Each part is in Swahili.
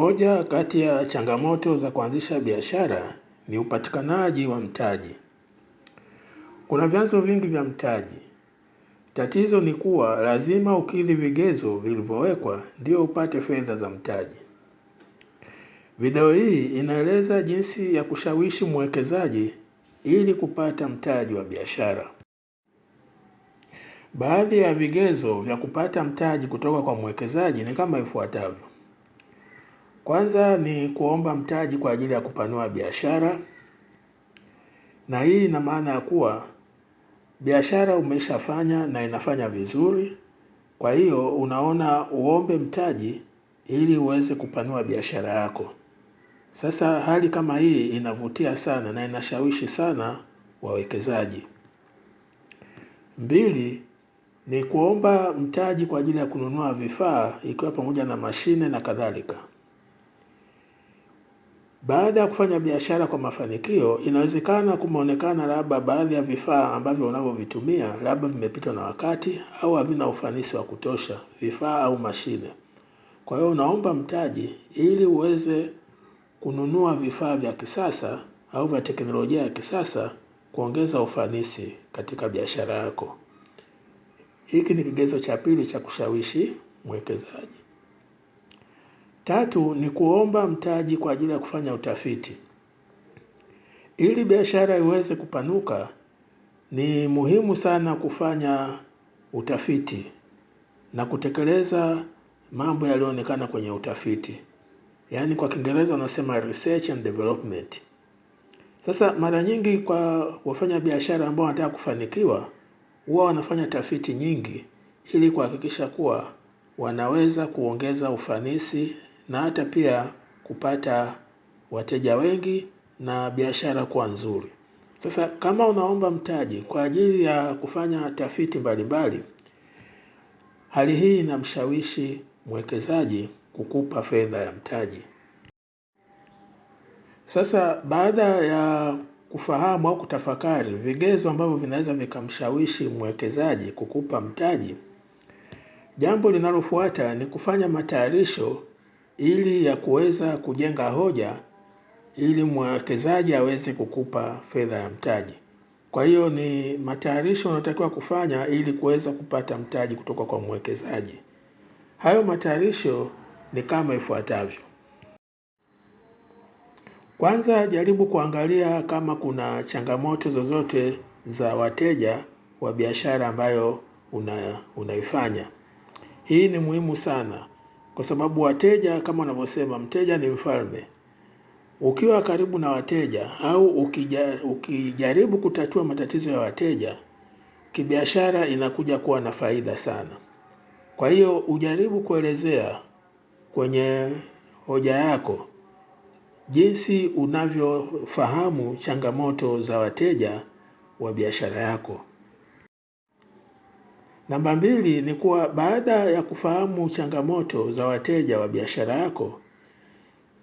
Moja kati ya changamoto za kuanzisha biashara ni upatikanaji wa mtaji. Kuna vyanzo vingi vya mtaji. Tatizo ni kuwa lazima ukidhi vigezo vilivyowekwa ndio upate fedha za mtaji. Video hii inaeleza jinsi ya kushawishi mwekezaji ili kupata mtaji wa biashara. Baadhi ya vigezo vya kupata mtaji kutoka kwa mwekezaji ni kama ifuatavyo. Kwanza ni kuomba mtaji kwa ajili ya kupanua biashara, na hii ina maana ya kuwa biashara umeshafanya na inafanya vizuri, kwa hiyo unaona uombe mtaji ili uweze kupanua biashara yako. Sasa hali kama hii inavutia sana na inashawishi sana wawekezaji. Mbili ni kuomba mtaji kwa ajili ya kununua vifaa ikiwa pamoja na mashine na kadhalika. Baada ya kufanya biashara kwa mafanikio, inawezekana kumeonekana labda baadhi ya vifaa ambavyo unavyovitumia labda vimepitwa na wakati au havina ufanisi wa kutosha, vifaa au mashine. Kwa hiyo unaomba mtaji ili uweze kununua vifaa vya kisasa au vya teknolojia ya kisasa kuongeza ufanisi katika biashara yako. Hiki ni kigezo cha pili cha kushawishi mwekezaji. Tatu ni kuomba mtaji kwa ajili ya kufanya utafiti. Ili biashara iweze kupanuka ni muhimu sana kufanya utafiti na kutekeleza mambo yaliyoonekana kwenye utafiti. Yaani kwa Kiingereza wanasema research and development. Sasa mara nyingi kwa wafanya biashara ambao wanataka kufanikiwa, huwa wanafanya tafiti nyingi ili kuhakikisha kuwa wanaweza kuongeza ufanisi na hata pia kupata wateja wengi na biashara kuwa nzuri. Sasa kama unaomba mtaji kwa ajili ya kufanya tafiti mbalimbali, hali hii inamshawishi mwekezaji kukupa fedha ya mtaji. Sasa baada ya kufahamu au kutafakari vigezo ambavyo vinaweza vikamshawishi mwekezaji kukupa mtaji, jambo linalofuata ni kufanya matayarisho ili ya kuweza kujenga hoja ili mwekezaji aweze kukupa fedha ya mtaji. Kwa hiyo ni matayarisho unatakiwa kufanya ili kuweza kupata mtaji kutoka kwa mwekezaji. Hayo matayarisho ni kama ifuatavyo. Kwanza jaribu kuangalia kama kuna changamoto zozote za wateja wa biashara ambayo unaifanya. Hii ni muhimu sana kwa sababu wateja kama wanavyosema, mteja ni mfalme. Ukiwa karibu na wateja au ukija, ukijaribu kutatua matatizo ya wateja kibiashara, inakuja kuwa na faida sana. Kwa hiyo ujaribu kuelezea kwenye hoja yako jinsi unavyofahamu changamoto za wateja wa biashara yako. Namba mbili ni kuwa baada ya kufahamu changamoto za wateja wa biashara yako,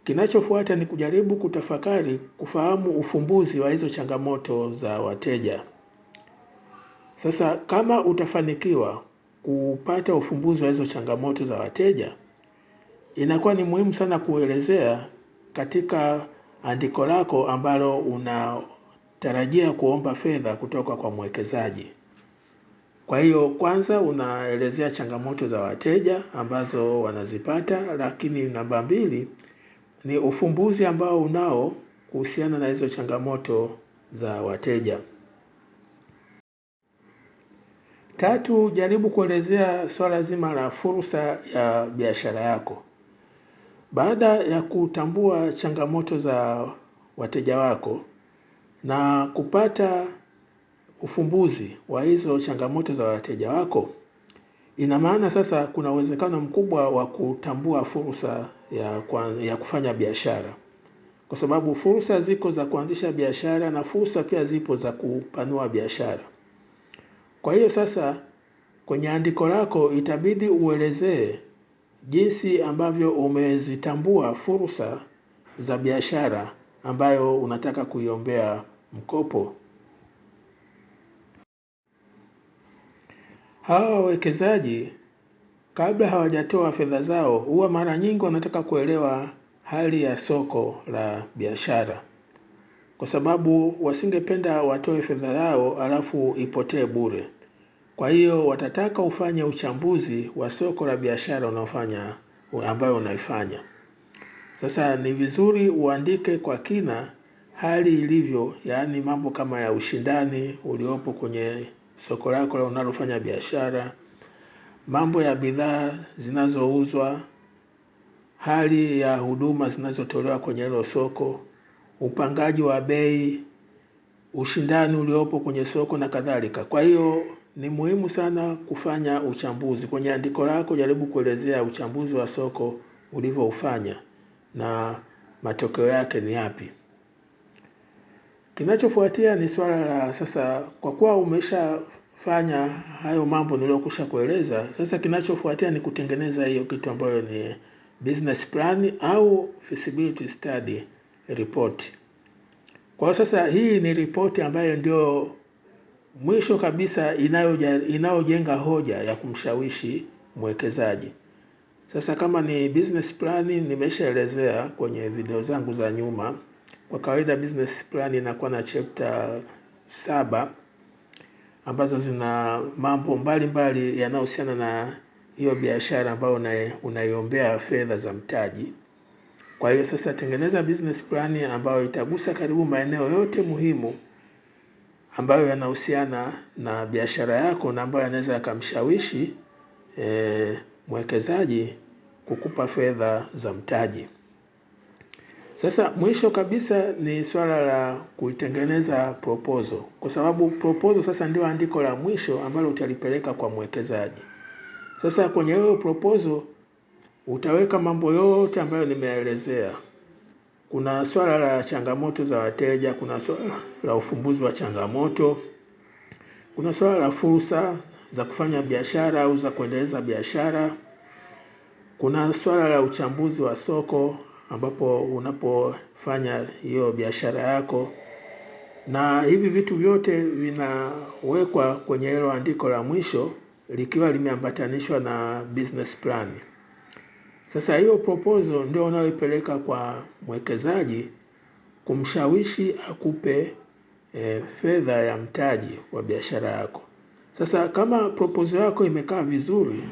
kinachofuata ni kujaribu kutafakari kufahamu ufumbuzi wa hizo changamoto za wateja. Sasa kama utafanikiwa kupata ufumbuzi wa hizo changamoto za wateja, inakuwa ni muhimu sana kuelezea katika andiko lako ambalo unatarajia kuomba fedha kutoka kwa mwekezaji. Kwa hiyo kwanza unaelezea changamoto za wateja ambazo wanazipata, lakini namba mbili ni ufumbuzi ambao unao kuhusiana na hizo changamoto za wateja. Tatu, jaribu kuelezea swala zima la fursa ya biashara yako. Baada ya kutambua changamoto za wateja wako na kupata ufumbuzi wa hizo changamoto za wateja wako, ina maana sasa kuna uwezekano mkubwa wa kutambua fursa ya, ya kufanya biashara, kwa sababu fursa ziko za kuanzisha biashara na fursa pia zipo za kupanua biashara. Kwa hiyo sasa kwenye andiko lako itabidi uelezee jinsi ambavyo umezitambua fursa za biashara ambayo unataka kuiombea mkopo. Hawa wawekezaji kabla hawajatoa fedha zao, huwa mara nyingi wanataka kuelewa hali ya soko la biashara, kwa sababu wasingependa watoe fedha yao alafu ipotee bure. Kwa hiyo watataka ufanye uchambuzi wa soko la biashara unaofanya ambayo unaifanya. Sasa ni vizuri uandike kwa kina hali ilivyo, yaani mambo kama ya ushindani uliopo kwenye soko lako unalofanya biashara, mambo ya bidhaa zinazouzwa, hali ya huduma zinazotolewa kwenye hilo soko, upangaji wa bei, ushindani uliopo kwenye soko na kadhalika. Kwa hiyo ni muhimu sana kufanya uchambuzi. Kwenye andiko lako jaribu kuelezea uchambuzi wa soko ulivyoufanya na matokeo yake ni yapi. Kinachofuatia ni swala la sasa, kwa kuwa umeshafanya hayo mambo niliyokusha kueleza, sasa kinachofuatia ni kutengeneza hiyo kitu ambayo ni business plan au feasibility study report. Kwa sasa hii ni ripoti ambayo ndio mwisho kabisa inayojenga hoja ya kumshawishi mwekezaji. Sasa kama ni business plan nimeshaelezea kwenye video zangu za nyuma kwa kawaida business plan inakuwa na chapter saba ambazo zina mambo mbalimbali yanayohusiana na hiyo biashara ambayo unaiombea fedha za mtaji. Kwa hiyo sasa tengeneza business plan ambayo itagusa karibu maeneo yote muhimu ambayo yanahusiana na biashara yako na ambayo yanaweza yakamshawishi eh, mwekezaji kukupa fedha za mtaji. Sasa mwisho kabisa ni swala la kuitengeneza proposal, kwa sababu proposal sasa ndio andiko la mwisho ambalo utalipeleka kwa mwekezaji. Sasa kwenye hiyo proposal utaweka mambo yote ambayo nimeelezea. Kuna swala la changamoto za wateja, kuna swala la ufumbuzi wa changamoto, kuna swala la fursa za kufanya biashara au za kuendeleza biashara, kuna swala la uchambuzi wa soko ambapo unapofanya hiyo biashara yako. Na hivi vitu vyote vinawekwa kwenye hilo andiko la mwisho likiwa limeambatanishwa na business plan. Sasa hiyo proposal ndio unayoipeleka kwa mwekezaji kumshawishi akupe e, fedha ya mtaji wa biashara yako. Sasa kama proposal yako imekaa vizuri,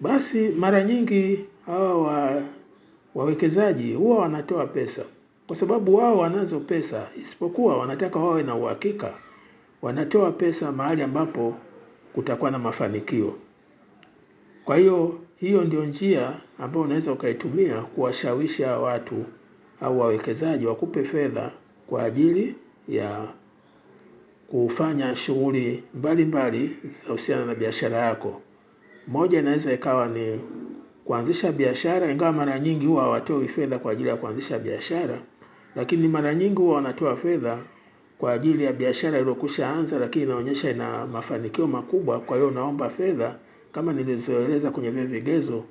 basi mara nyingi hawa wa Wawekezaji huwa wanatoa pesa kwa sababu wao wanazo pesa, isipokuwa wanataka wawe na uhakika. Wanatoa pesa mahali ambapo kutakuwa na mafanikio. Kwa hiyo, hiyo ndio njia ambayo unaweza ukaitumia kuwashawisha watu au wawekezaji wakupe fedha kwa ajili ya kufanya shughuli mbalimbali zinahusiana na biashara yako. Moja inaweza ikawa ni kuanzisha biashara, ingawa mara nyingi huwa hawatoi fedha kwa ajili ya kuanzisha biashara, lakini mara nyingi huwa wanatoa fedha kwa ajili ya biashara iliyokwisha anza, lakini inaonyesha ina mafanikio makubwa. Kwa hiyo unaomba fedha kama nilizoeleza kwenye vile vigezo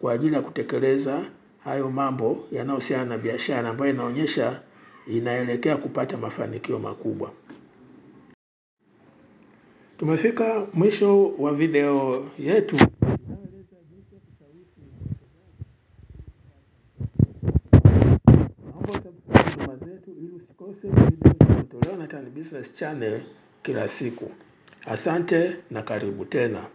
kwa ajili ya kutekeleza hayo mambo yanayohusiana na biashara ambayo inaonyesha inaelekea kupata mafanikio makubwa. Tumefika mwisho wa video yetu. Business Channel kila siku. Asante na karibu tena.